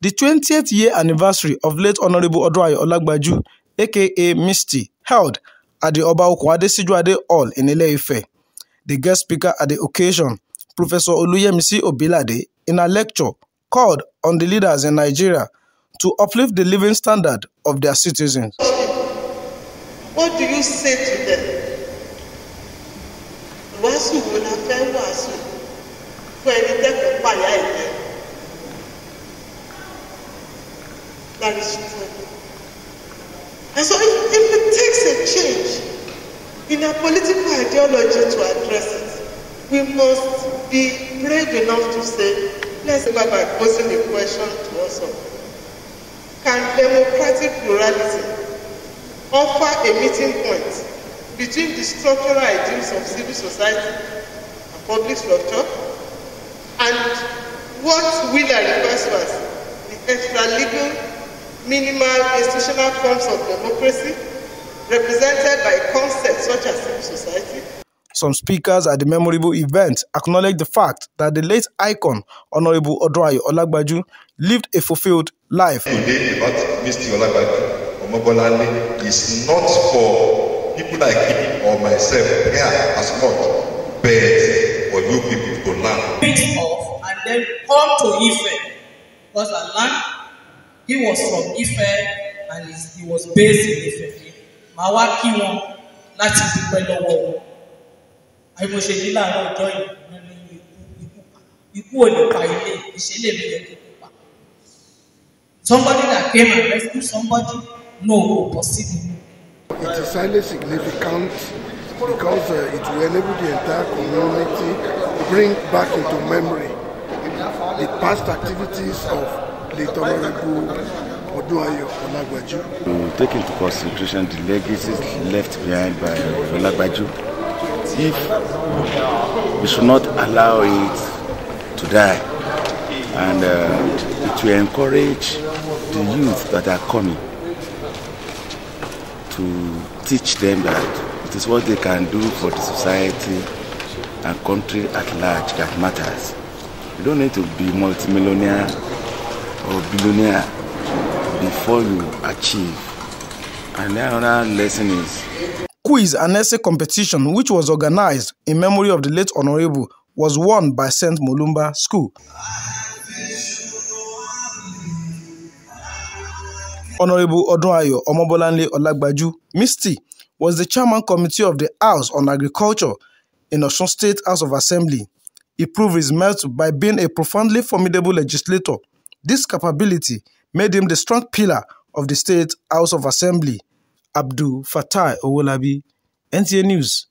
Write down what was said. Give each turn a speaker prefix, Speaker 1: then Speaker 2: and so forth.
Speaker 1: The 20th year anniversary of late Honorable Odunayo Olagbaju aka Misty held at the Oba Okwade Sijuade Hall in Ile-Ife. The guest speaker at the occasion, Professor Oluyemisi Obilade, in a lecture called on the leaders in Nigeria to uplift the living standard of their citizens.
Speaker 2: What do you say to them? Wàásù wo la fẹ́ wàásù fún ẹni tẹ́kọ̀ọ́ pàyà ẹ̀jẹ̀? that is trouble. And so if, if it takes a change in our political ideology to address it, we must be brave enough to say, let's start by posing the question to us all. Can democratic plurality offer a meeting point between the structural ideals of civil society and public structure and what Wheeler refers to as the extra-legal minimal institutional forms of democracy represented by concepts such as civil society.
Speaker 1: Some speakers at the memorable event acknowledged the fact that the late icon, Honorable Odrayo Olagbaju, lived a fulfilled
Speaker 3: life. Today, about Mr. Olagbaju Omobolale is not for people like him or myself here as much, but for you people to learn.
Speaker 2: Of and then come to Ife, because I
Speaker 1: learned He was from Ife and he was based in Ife. Màá wá kí wọn láti dúpẹ́ lọ́wọ́ wọn. Àìmọ̀ṣe ní láàárọ̀ ọjọ́
Speaker 2: ìgbìmọ̀ ní ikú pa. Ikú ò lè pa ilé ìṣẹ̀lẹ̀ mi yẹn kò pa. Somebody that came and rescued somebody no go possible.
Speaker 1: It is highly significant because uh, it will enable the entire community to bring back into memory the past activities of late Honorable Oduayo Olagbaju.
Speaker 3: To take into consideration the legacies left behind by Olagbaju, if we should not allow it to die, and uh, it will encourage the youth that are coming to teach them that it is what they can do for the society and country at large that matters. You don't need to be multimillionaire or billionaire before you achieve. And another lesson is.
Speaker 1: Quiz and essay competition, which was organized in memory of the late Honorable, was won by St. Molumba School. Honorable Odunayo Omobolanle Olagbaju, Misty, was the chairman committee of the House on Agriculture in Osun State House of Assembly. He proved his merit by being a profoundly formidable legislator This capability made him the strong pillar of the state House of Assembly. Abdul Fattah Owolabi, NTA News.